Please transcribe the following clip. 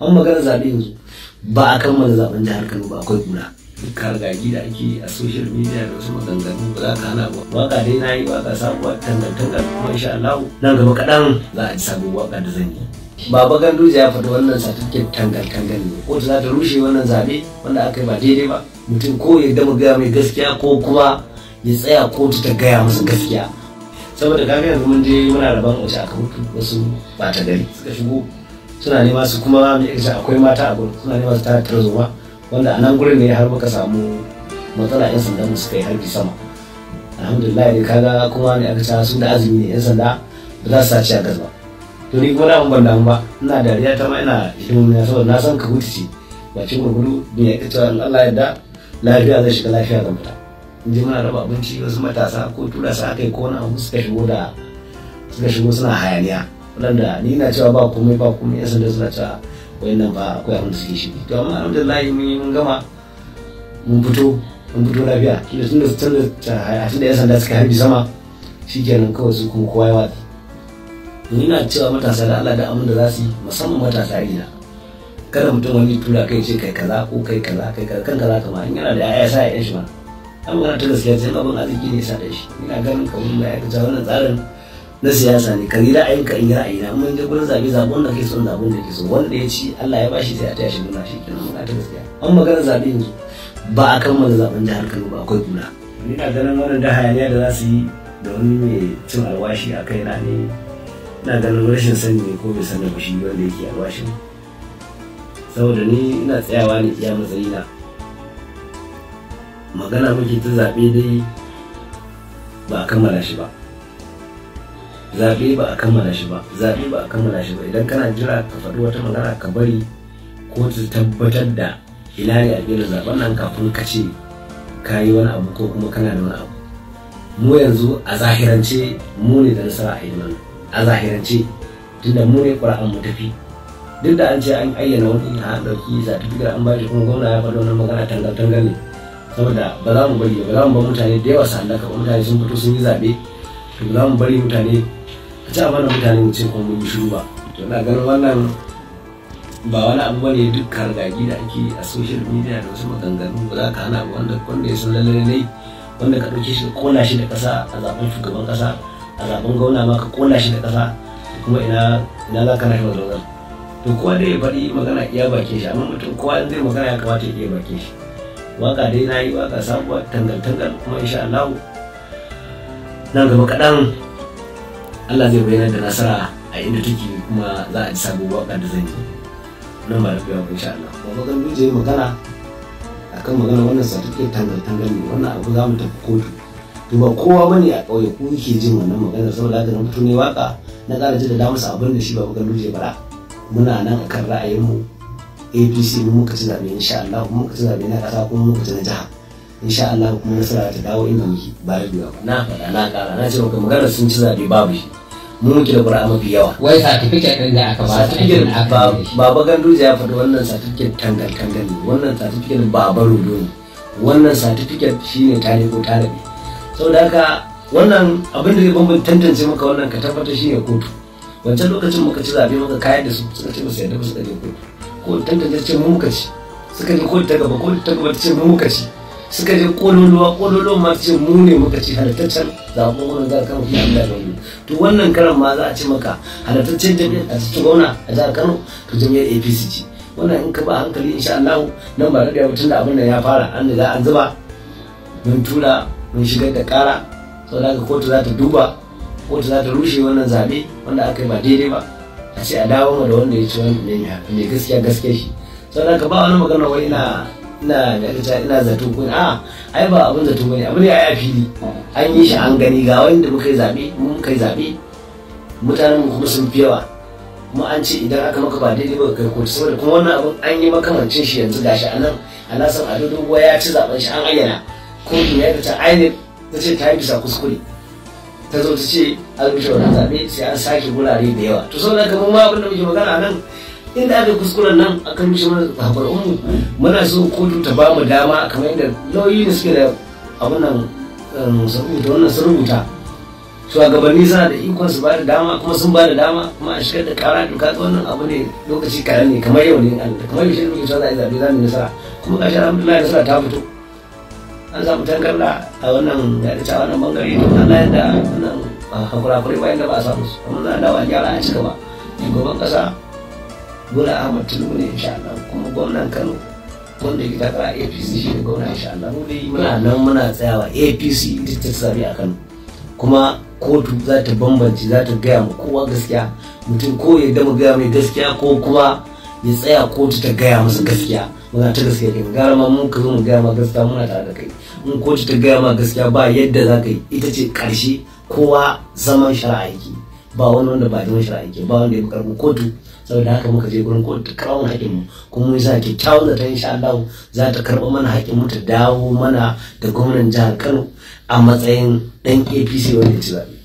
an magana zaɓe yanzu ba a kammala zaɓen jihar kano ba akwai kura kargagi da ake a social media da wasu maganganu ba za ka hana ba waka dai na yi waka sabuwa tangantanga kuma insha Allah nan gaba kaɗan za a ji sabon waka da zan yi Baba Ganduje ya faɗi wannan satifiket tangantangan ne ko za ta rushe wannan zaɓe wanda aka yi ba daidai ba mutum ko ya gama gaya mai gaskiya ko kuma ya tsaya kotu ta gaya masa gaskiya saboda kamar yanzu mun je muna rabon wace aka mutu wasu ɓata gari suka shigo suna nema su kuma mai akwai mata a gurin suna nema su tara tarzoma wanda a nan gurin ne har muka samu matsala yan sanda mu suka yi harbi sama alhamdulillah ne kaga kuma ne aka cewa su da azumi ne yan sanda ba za su sace a gas ba to ni kuma ban damu ba ina dariya ta ma ina himmi na saboda na san ka hutu ce bakin gurgudu me aka cewa Allah ya da lafiya zai shiga lafiya zan fita in ji muna raba abinci wasu matasa ko tura su aka yi ko wani abu suka shigo da suka shigo suna hayaniya wadanda ni na cewa ba komai ba komai yan sanda suna cewa wayannan ba akwai abin da suke shi to amma alhamdulillah mun gama mun fito mun fito lafiya tunda tunda tunda da yan sanda suka harbi sama shikenan kawai su kuma kowa ya watsi ni na cewa matasa da Allah da abin da za su yi musamman matasa ina kada mutum wani tura kai ce kai kaza ko kai kaza kai kaza kan kaza kama in yana da ya sa ya shi ma an magana ta gaskiya sai abin arziki ne sa da shi ina ganin kamar da ya kaca wannan tsarin na siyasa ne ka yi ra'ayin ka in yi ra'ayi na mun je gurin zabe zaben wanda kai son zaben da ke so wanda ya ci Allah ya bashi sai a taya shi muna shi kenan mun ta gaskiya an magana zabe yanzu ba a kammala zaben har Kano ba akwai kula ni na ganin wannan da hayaniya da za su yi da wani mai cin alwashi a kai na ne ina ganin rashin sani ne ko bai sani ba shi wanda yake alwashin saboda ni ina tsayawa ne iya matsayina magana muke ta zaɓe dai ba a kammala shi ba zaɓe ba a kammala shi ba zaɓe ba a kammala shi ba idan kana jira ka faɗi wata magana ka bari ko ta tabbatar da ina ne a gina zaɓen nan kafin ka ce ka yi wani abu ko kuma kana da wani abu mu yanzu a zahirance mu ne da nasara a idan a zahirance tunda mu ne ƙura'an mu tafi duk da an ce an ayyana wani a ɗauki zatifikar an bashi kuma gwamna ya faɗi wannan magana tangal-tangal ne saboda ba za mu bari ba za mu bar mutane da yawa su hallaka mutane sun fito sun yi zaɓe to ba za mu bari mutane ta mana mutane mu ce kuma mun yi shiru ba to na ganin wannan ba wani abu bane duk kargagi da ake a social media da wasu maganganu ba za ka hana wanda wanda ya san lallai wanda ka ɗauke shi kona shi da ƙasa a zaben shugaban ƙasa a zaben gwamna ma ka kona shi da ƙasa kuma ina ina za ka rahe wannan to kowa dai ya faɗi magana iya bakin shi amma mutum kowa zai magana ya kamata ya iya bakin shi waka dai na yi waka sabuwa tangal-tangal kuma insha Allah nan gaba kaɗan Allah zai bayyana da nasara a inda take kuma za a ji sabo da zan yi nan ba da fiya ba insha Allah ba zan buje magana akan magana wannan take Tangar tangal ne wannan abu za mu tafi kotu to ba kowa ne a ƙauye ko yake jin wannan magana saboda haka na ne waka na ƙara ji da damar sa abin da shi ba bugan guje bara muna nan akan ra'ayinmu APC mun muka ci zaɓe insha Allah mun muka ci zaɓe na ƙasa kuma mun muka ci na jiha insha Allah kuma nasara ta dawo inda muke ba da ba na faɗa na ƙara na ce maka magana sun ci zaɓe babu shi mu muke da ƙura'a mafi yawa wai certificate ɗin da aka ba su aikin Babu baba ganduje ya faɗi wannan certificate tangal tangal ne wannan certificate ba baro ne wannan certificate shine tare ko tare saboda haka wannan abin da zai bambanta tantance maka wannan ka tabbata shine kotu wancan lokacin muka ci zaɓe muka kayan da su suka ce ba su ba suka je kotu ko tantance ce mu muka ci suka ji kotu ta gaba kotu ta gaba ta ce mu muka ci suka je kololuwa kololuwa ma ce mu ne muka ci halittaccen zaɓen wani za kan kuma Allah ne to wannan karan ma za a ci maka halittaccen jami'a a cikin gwamna a jihar Kano to jami'ar APC ce wannan in ka ba hankali insha Allah nan ba da mutum da abin nan ya fara an riga an zuba mun tura mun shigar da kara saboda haka kotu za ta duba kotu za ta rushe wannan zaɓe wanda aka yi ba daidai ba a ce a dawo ma da wanda ya ci wani mai gaskiya gaskiya shi saboda haka ba wani magana wai na ina ina zato kun a ai ba abin zato bane abu ne a fili an yi shi an gani ga wanda muka yi zabe mun kai zabe mutanen mu kuma sun fi yawa kuma an ce idan aka maka ba daidai ba kai kotu saboda kuma wannan abin an yi makamancin shi yanzu gashi anan alasan ado doguwa ya ci zaben shi an ayyana kotu ya fita ainihin ta ce ta yi bisa kuskure ta zo ta ce an rushe wannan zabe sai an sake gurare da yawa to saboda kamar ma abin da muke magana nan inda aka kuskuren nan a kan mishi mana tabar umu muna so kotu ta bamu dama kamar yadda lauyi ne suke da abin nan rubuta um, wannan sun rubuta shugabanni suna da ikon su ba da dama kuma sun ba da dama kuma a shigar da kara duka wannan abu ne lokaci kare ne kamar yau ne kamar yaushe ne za a yi zaɓe za mu nasara kuma ƙarshen alhamdulillah nasara ta fito an samu tangarda a wannan yaɗa garica wannan bangare to Allah yadda wannan ah, hakura kure yadda ba a samu su kuma za a dawo a gyara a cika ba shugaban ƙasa Bola Ahmad Tinubu ne insha nan kuma gwamnan Kano wanda ke a APC shi ne gwamna insha nan. dai muna nan muna tsayawa APC ita ta sami a Kano kuma kotu za ta bambance za ta gaya ma kowa gaskiya mutum ko ya dama gaya mai gaskiya ko kuma ya tsaya kotu ta gaya masa gaskiya muna ta gaskiya kai gara ma mun ka zo mu gaya ma gaskiya muna tare da kai mun kotu ta gaya ma gaskiya ba yadda za ka yi ita ce karshe kowa zaman shari'a yake ba wani wanda ba zaman shari'a yake ba wanda ya fi karɓi kotu saboda haka muka je gurin kotu karɓar mana mu kuma mun sa kyakkyawan da ta insha za ta karɓa mana haƙƙin mu ta dawo mana da gwamnan jihar Kano a matsayin ɗan APC wanda ya ci zaɓe